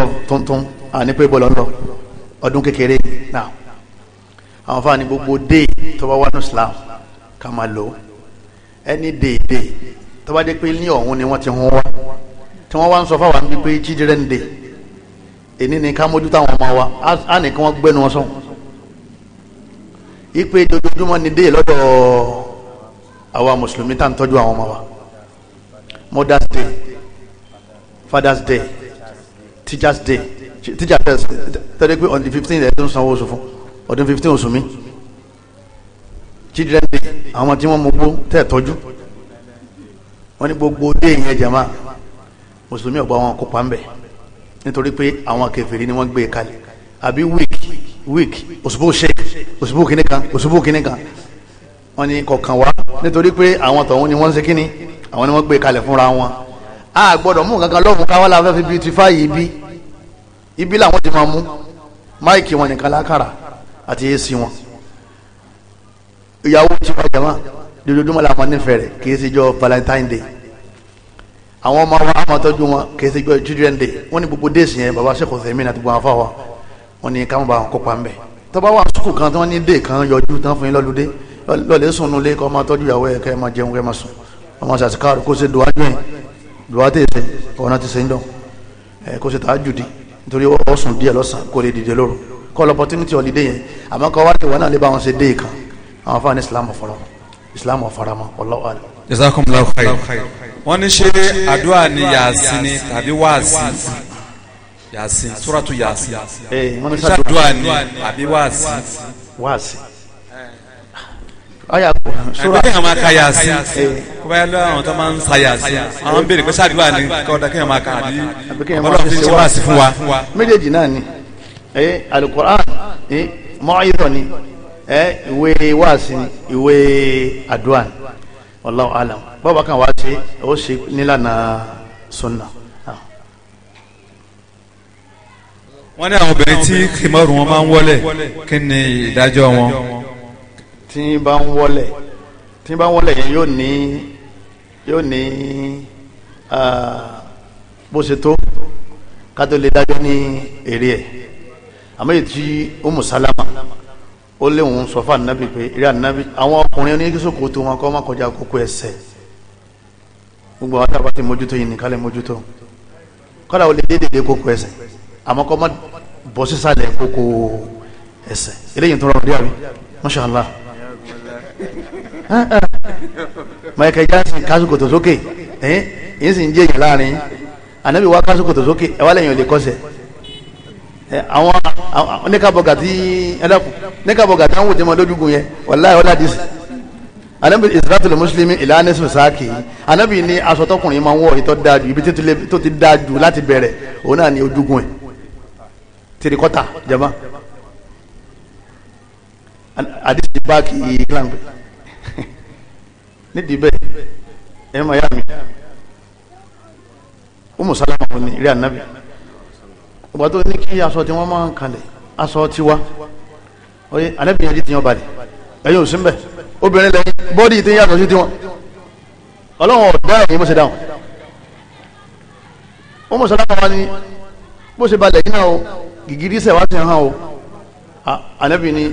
sọ tuntun àní pé bọ́ọ̀lù ọ̀nà ọdún kékeré náà àwọn fáwọn ní gbogbo dé tó bá wà ní Islam ká máa lò ó ẹni dèédé tó bá dé pé ní ọ̀hún ni wọ́n ti hún wá tí wọ́n wá ń sọ fáwọn bí pé children day èní ni ká mójútó àwọn ọmọ wa á ní kí wọ́n gbẹ́nu wọn sọ ipe dojoojúmọ́ ni dé lọ́dọ̀ àwa mùsùlùmí tá à ń tọ́jú àwọn ọmọ wa Mother's Day Father's Day teachers day teachers test tẹ́lẹ̀ pé on the fifteen ẹ̀ tó ń sanwó oṣù fún ọdún fifteen oṣù mi children day àwọn tí wọ́n mú gbó tẹ̀ tọ́jú wọ́n ní gbogbo dé yẹn jẹ̀má mùsùlùmí ọ̀gbọ́n àwọn kópa ń bẹ̀ nítorí pé àwọn kèfèrí ni wọ́n gbé e kalẹ̀ àbí week week òṣùbù ṣe òṣùbù kìíní kan òṣùbù kìíní kan wọ́n ní kọ̀ọ̀kan wá nítorí pé àwọn tọ̀hún ni wọ́n ń ṣe kíní àwọn ni wọ́n gbé e kalẹ̀ fúnra wọn a gbọ́dọ̀ mú nǹkan kan lọ́hùn káwọn la fẹ́ fi beautify yìí bí ibi làwọn ti máa mú máìkì wọn nìkan lákàrà àti èsì wọn ìyàwó tí wọ́n jẹ̀mọ́ lójoojúmọ́ làwọn nífẹ̀ẹ́ rẹ̀ kì í ṣe jọ valentine day àwọn ọmọ wa àmọ́ tọ́jú wọn kì í ṣe jọ children day wọ́n ní gbogbo days yẹn baba sẹ́kọ̀ sẹ́mi àti gbogbo àwọn afáwa wọn ní káwọn bá wọn kópa ńbẹ tọ́ba wà sùkúù kan tí wọ́n ní dé kan yọjú tán fún yín lọ́lùdé lọ́lẹ̀ sùn nulẹ̀ kọ́ máa tọ́jú ìyàwó ẹ̀ kẹ́ máa jẹun kẹ́ máa sùn nítorí ó sùn díẹ̀ lọ́sàn kó lè dìde lóru kọ́ lọ opportunity holiday yẹn àmọ́ kọ́ wá lè wọ́n náà lè bá wọn ṣe dé ìkan àwọn fáwọn islam ọ̀fọ̀rọ̀ islam ọ̀fọ̀rọ̀ mọ́ ọlọ́wọ́ àlẹ́. jazakumullahu kai. wọ́n ní ṣe àdúrà ni yàásí ni tàbí wáàsí yàásí suratu yàásí eh, ṣe àdúrà ni àbí wáàsí. wáàsí àyà kò sóra. àgbẹ̀yàn máa ka yà sí kó bá yà lọ àwọn tó máa ń sa yà sí àwọn béèrè pé sàdúrà ni kọ́dà kéèyàn máa kà ní ọlọ́run fi ṣe wá sí fún wa. méjèèjì náà ni alukoran mọ́ọ́yìrọ̀ ni ìwé wáàsí ni ìwé àdúrà ni wallahu alam bọ́ọ̀bá kan wá sí ó ṣe nílànà sunna. Ah. wọ́n ní àwọn obìnrin tí kìmọ̀rù wọn máa ń wọlé kí ni ìdájọ́ wọn tí bá ń wọlẹ̀ tí bá ń wọlẹ̀ yẹn yóò ní yóò ní bó ṣe tó kátó lè dájọ́ ní èrè ẹ̀ àmọ́ èyí tí Umu Salama ó léwùn sọ fún ànábì pé eré ànábì àwọn ọkùnrin oníkísòkò tó wọn kọ́ má kọjá kókó ẹsẹ̀ gbogbo àwọn tábà ti mójútó yìí nìkan lè mójútó kọ́dà ó lè dé dédé kókó ẹsẹ̀ àmọ́ kọ́ má bọ́ sísàlẹ̀ kókó ẹsẹ̀ eléyìí tó rọrùn díàbí masha Allah. Michael Jackson kásùkòtò sókè yìí sì ń jẹ́ èèyàn láàrin ànábì wá kásùkòtò sókè ẹ wá lẹ́yìn ò lè kọ́sẹ̀ àwọn oníkàbọ̀gà tí ẹlẹ́kùn oníkàbọ̀gà tí àwọn òjòmọ́ lójúgun yẹn wallahi ọ̀la dìísì ànábì israfil mùsùlùmí ìlànà sùsáàkì ànábì ní aṣọ tọkùnrin máa ń wọ̀ ìtọ́ dáa ju ibi tó ti dáa ju láti bẹ̀rẹ̀ òun náà ní ojúgun ẹ̀ tìrìkọ́tà jẹ́mọ́ àdìsí báàkì ìgbàlàngbé nídìí bẹ́ẹ̀ ẹ máa yá mi ó mùsàlámà wọn ni rí Nabi o tó ní kí aṣọ tí wọ́n máa ń kalẹ̀ aṣọ tiwa oye ànábì yẹn ti yan balẹ̀ ẹ̀yin ò sí mbẹ̀ obìnrin lẹ́yìn bọ́dì ti yàtọ̀ sí tiwọn ọlọ́run ọ̀dá ẹ̀yin bó ṣe dáhùn ó mùsàlámà wọn ni bó ṣe balẹ̀ yìí náà o gìgìrísẹ̀ wá ti hàn o ànábì ni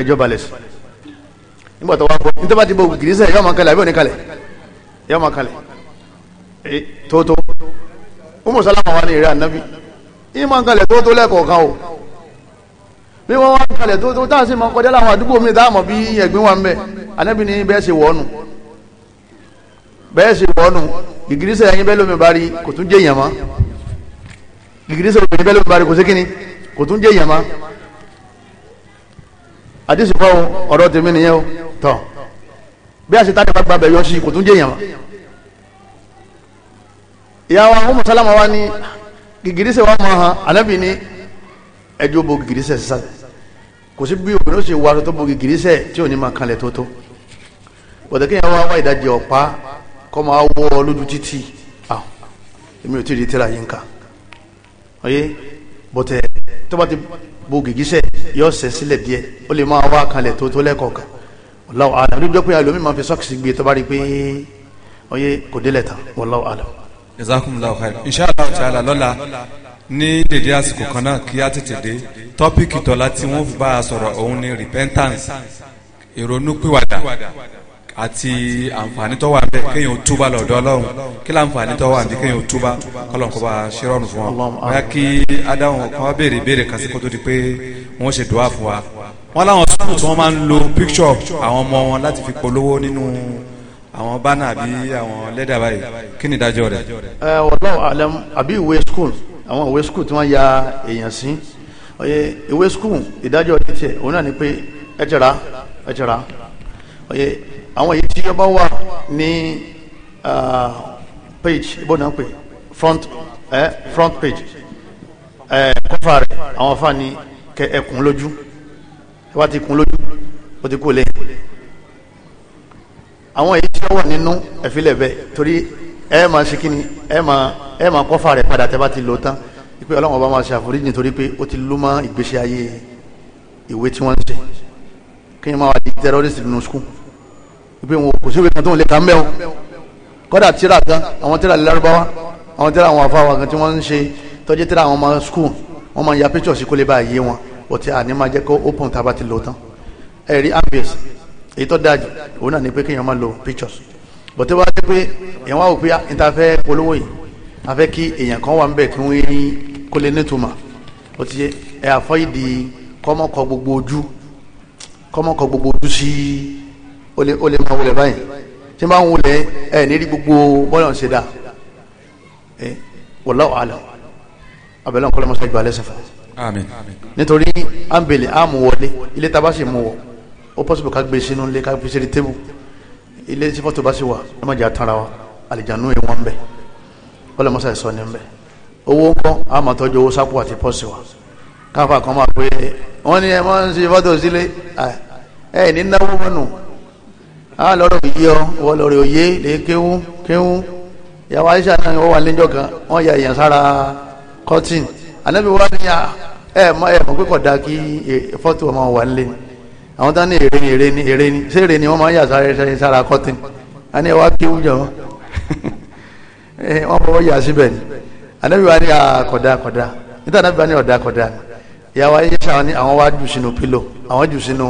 ẹjọ́ balẹ̀ sí nígbà tó wá bọ́ nítorí bá ti bọ́ gìrìsẹ̀ yọ́ máa kalẹ̀ àbí òní kalẹ̀ yọ́ máa kalẹ̀ tóótó umu salama wa ni ìrẹ́ ànábì yìí máa kalẹ̀ tóótó lẹ́kọ̀ọ̀kan o bí wọ́n wá kalẹ̀ tóótó táà sì máa kọjá láwọn àdúgbò mi táà mọ̀ bí ẹ̀gbin wa ń bẹ ànábì ni bẹ́ẹ̀ ṣe wọ́ọ̀nù bẹ́ẹ̀ ṣe wọ́ọ̀nù gìgìrìsẹ̀ ẹ̀yin bẹ́ẹ̀ lómi bari kò tún jẹ́ ìyàmá gìgìrìsẹ̀ ẹ̀yin bẹ́ẹ̀ lómi bari kò sí kíni kò tún jẹ́ ìyàmá àdìsí kọ́ ọ̀rọ̀ tèmi nìyẹn o tọ̀ bí a ṣe tá a nípa gbàgbẹ́ yọ sí kò tún jẹ́ èèyàn mọ́ ìyàwó àwọn mùsàlámà wa ni gìgìrísẹ̀ wa máa hàn ànábì ní ẹjọ́ bo gìgìrísẹ̀ sísàlẹ̀ kò sí bí obìnrin ó ṣe wà tó bo gìgìrísẹ̀ tí ò ní máa kanlẹ̀ tó tó bọ̀dẹ̀ kí ìdajì ọ̀pá kọ́ máa wọ́ ọ lójú títì èmi ò tí ì rí tíra yín ká ọyẹ bọ̀tẹ̀ tó bá ti bo gìgísẹ̀ yóò sẹ̀ sílẹ̀ díẹ̀ ó lè máa wá kanlẹ̀ tó tó lẹ́kọ̀ọ̀kan wallahu alam níjọ́ pé àlòmí máa fi sọ́ọ̀kì gbé tó bá rí i pé oyè kò délẹ̀ tán wallahu alam. jazakumullahu khair inshallah ta'ala lọ́la ní dédé àsìkò kan náà kí á tètè dé tọ́pìkì tọ́lá tí wọ́n bá a sọ̀rọ̀ òun ni repentance ìrònúpìwàdà àti àǹfààní tó wà bẹ́ẹ̀ kéèyàn túbà lọ́dọ̀ ọlọ́run kí láǹfààní tó wà ní kéèyàn túbà kọ́lọ́n kó bá a ṣe rọrùn fún wa bóyá kí adáhùn kan wá béèrè béèrè kan sí kó tó di pé wọ́n ṣe dùá fún wa wọ́n láwọn sùkúù tí wọ́n máa ń lo píkṣọ̀ àwọn ọmọ wọn láti fi polówó nínú àwọn bánà àbí àwọn lẹ́dà báyìí kí ni ìdájọ́ rẹ̀. ẹ wallahu alam àbí ìwé skul àwọn ìwé skul tí wọ́n ya èèyàn sí oye ìwé skul ìdájọ́ títẹ̀ òun náà ni pé ẹ ti ra ẹ ti ra oye àwọn èyí tí ọba wà ní page ibo náà pè front eh, front page kọfà rẹ̀ àwọn afa ni kẹ ẹkùn lójú ẹ wá ti kùn lójú ó ti kú lẹ́yìn àwọn èyí tí ó wà nínú ẹ̀fílẹ̀ bẹ́ẹ̀ torí ẹ máa ṣe kíni ẹ máa ẹ máa kọ́fà rẹ̀ padà tẹ́ ti lò tán pé ọlọ́run ọba máa ṣe àforíjì torí pé ó ti lú mọ́ ìgbésí ayé ìwé tí wọ́n ń ṣe kí ni máa wà di terrorist nínú school pé wọn kò sí ìwé kan tó ń lè ka ń bẹ́ o kọ́dà tíra kan àwọn tíra lè lárúbáwá àwọn tíra àwọn afáwa kan tí wọ́n ń ṣe tọ́jú tíra àwọn ọmọ school wọ́n máa ya pictures kó lè yé wọn but àní máa jẹ́ kó open tá a bá ti lò tán ẹ rí ambience èyí tó dájú òun náà ni pé kéèyàn máa lo pictures but tí wọ́n á jẹ́ pé èèyàn wá wò pé ah, níta fẹ́ polówó yìí a fẹ́ kí èèyàn kan wà ń bẹ̀ kí wọ́n rí kó lè nítumọ̀ ó ti ẹ àfọ́yìdì kọ́mọ́kọ gbogbo ojú kọ́mọ́kọ gbogbo ojú sí ó lè ó lè máa wọlé báyìí tí wọ́n bá ń wọlé ẹ ní rí gbogbo bọ́lá ń ṣe dà ẹ wallahu alam abẹ́lẹ́ nǹkan lọ́mọ́sá fún un àmín nítorí ambele àmú wọlé ilé tá a bá sì mú wọ ó pọ́sibú ká gbé e sínú ilé ká fi ṣe tébù ilé tí fọ́tò bá sì wà ẹ má jẹ́ àtàrà wa àlìjánu ìwọ̀n ń bẹ̀ ọlọ́mọṣà ìsọ ni ń bẹ̀ owó ń kọ́ àmọ́ tọ́jú owó sápò àti pọ́sì wa káfà kan máa pé wọ́n ní ẹ máa ń ṣe fọ́tò sílé ẹ ní náwó mọ́nù á lọ́rọ̀ òye ọ wọ́n lọ́rọ̀ òye lè kéwú kéwú ìyàwó àyíṣà náà wọ́n wà lẹ́jọ́ kan wọ́n ya ìyàn sára kọ́tìn ànábì wọ́n ní ẹ mọ ẹ mọ pé kò dáa kí fọ́tò ọmọ wà nílé àwọn tán ní èrè ni èrè ni èrè ni ṣé èrè ni wọ́n máa ń yà sáré sára kọ́tìn a ní ẹ wá kí wújọ wọn wọ́n fọwọ́ yà síbẹ̀ ni ànábì wa ní àkọ̀dá àkọ̀dá níta ànábì wa ní ọ̀dá àkọ̀dá ìyá wa yẹ ṣàwọn ní àwọn wá jù sínú pílò àwọn jù sínú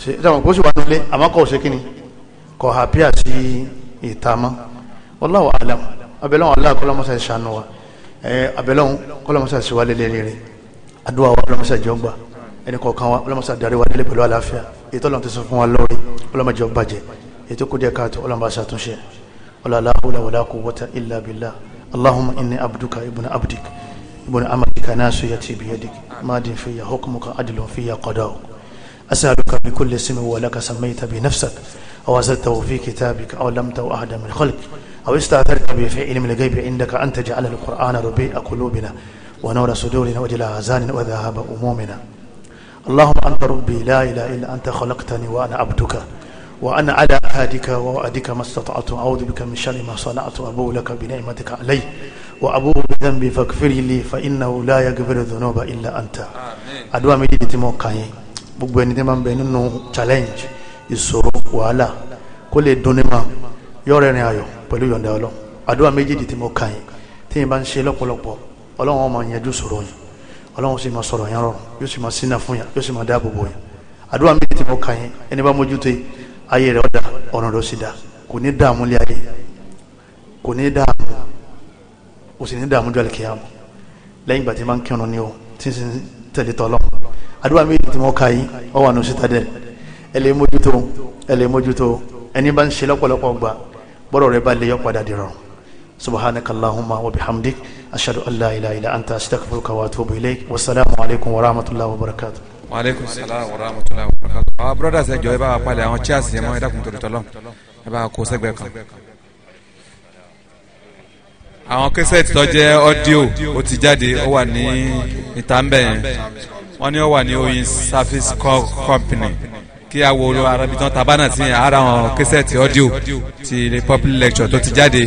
ṣe táwọn kó sì wà nílé àmọ́ kò ṣe kíni kò hàpí àti ìtàmọ́ wallahu alam abẹ́lẹ́wọ̀n aláàkọ́lọ́mọṣẹ́ ṣàánú wa àdúrà wa ọlọ́mọṣẹ́ ìjọba ẹni kọ̀ọ̀kan wa ọlọ́mọṣẹ́ àdarí wa délé pẹ̀lú àlàáfíà èyí tó lọ́n ti sọ fún wa lórí ọlọ́mọjọ bàjẹ́ èyí tó kú díẹ̀ káàtó ọlọ́mọṣẹ́ àtúnṣe la hawla wala quwwata illa billah allahumma inni abduka ibn abdik ibn amadika nasiyati biyadik madin fiya hukmuka adlun fiya qada'uk أسألك بكل اسم هو لك سميت بنفسك أو أنزلته في كتابك أو لمته أحدا من خلقك أو استأثرت به في علم الغيب عندك أن تجعل القرآن ربيع قلوبنا ونور صدورنا وجل أحزاننا وذهاب أمومنا اللهم أنت ربي لا إله إلا أنت خلقتني وأنا عبدك وأنا على عهدك ووعدك ما استطعت أعوذ بك من شر ما صنعت أبو لك بنعمتك علي وأبو بذنبي فاغفر لي فإنه لا يغفر الذنوب إلا أنت أدوا méjì tí mo kà yín gbogbo ẹni tí máa ń bẹ nínú challenge ìṣòro wàhálà kó lè dùn ní ma yọrọ ẹrin ayọ̀ pẹ̀lú yọ̀ǹda ọlọ́run ọmọ yanjú sọ̀rọ̀ yìí ọlọ́run sì máa sọ̀rọ̀ yẹn rọrùn yóò sì máa sínà fún yà yóò sì máa dáàbò bò yà àdúrà mi ti mọ kàn yín ẹni bá mójútó ayé rẹ̀ ọ̀dà ọ̀nà rẹ̀ ó sì dá kò ní dààmú lé ayé kò ní dààmú kò sì ní dààmú jọ àlìkìyà mọ́ lẹ́yìn ìgbà tí máa ń kírun ni o tí ń sin tẹ̀lé tọ́lọ́ àdúrà mi ti mọ kàn yín ọ wà subhanakallahumma wa bihamdik أشهد أن لا إله إلا anta astaghfiruka wa atubu ilayk wasalaamu alaykum wa rahmatulahi wa barakatu. wa aleykum salaam wa rahmatulahi wa barakatu. àwọn brothers ẹ jọ ẹ bá wa palẹ̀ àwọn chairs yẹn mọ́ ẹ dákun torí tọ́lọ́ ẹ bá wa kó sẹ́gbẹ̀ẹ́ kan àwọn kẹsẹ̀tì tó jẹ́ ó ti jáde ó wà ní ìtàǹbẹ̀ yẹn wọ́n ní ó wà ní oyin service company kí a wo arabi tán tabana sí ara àwọn kẹsẹ̀tì ọ́díò ti public lecture tó ti jáde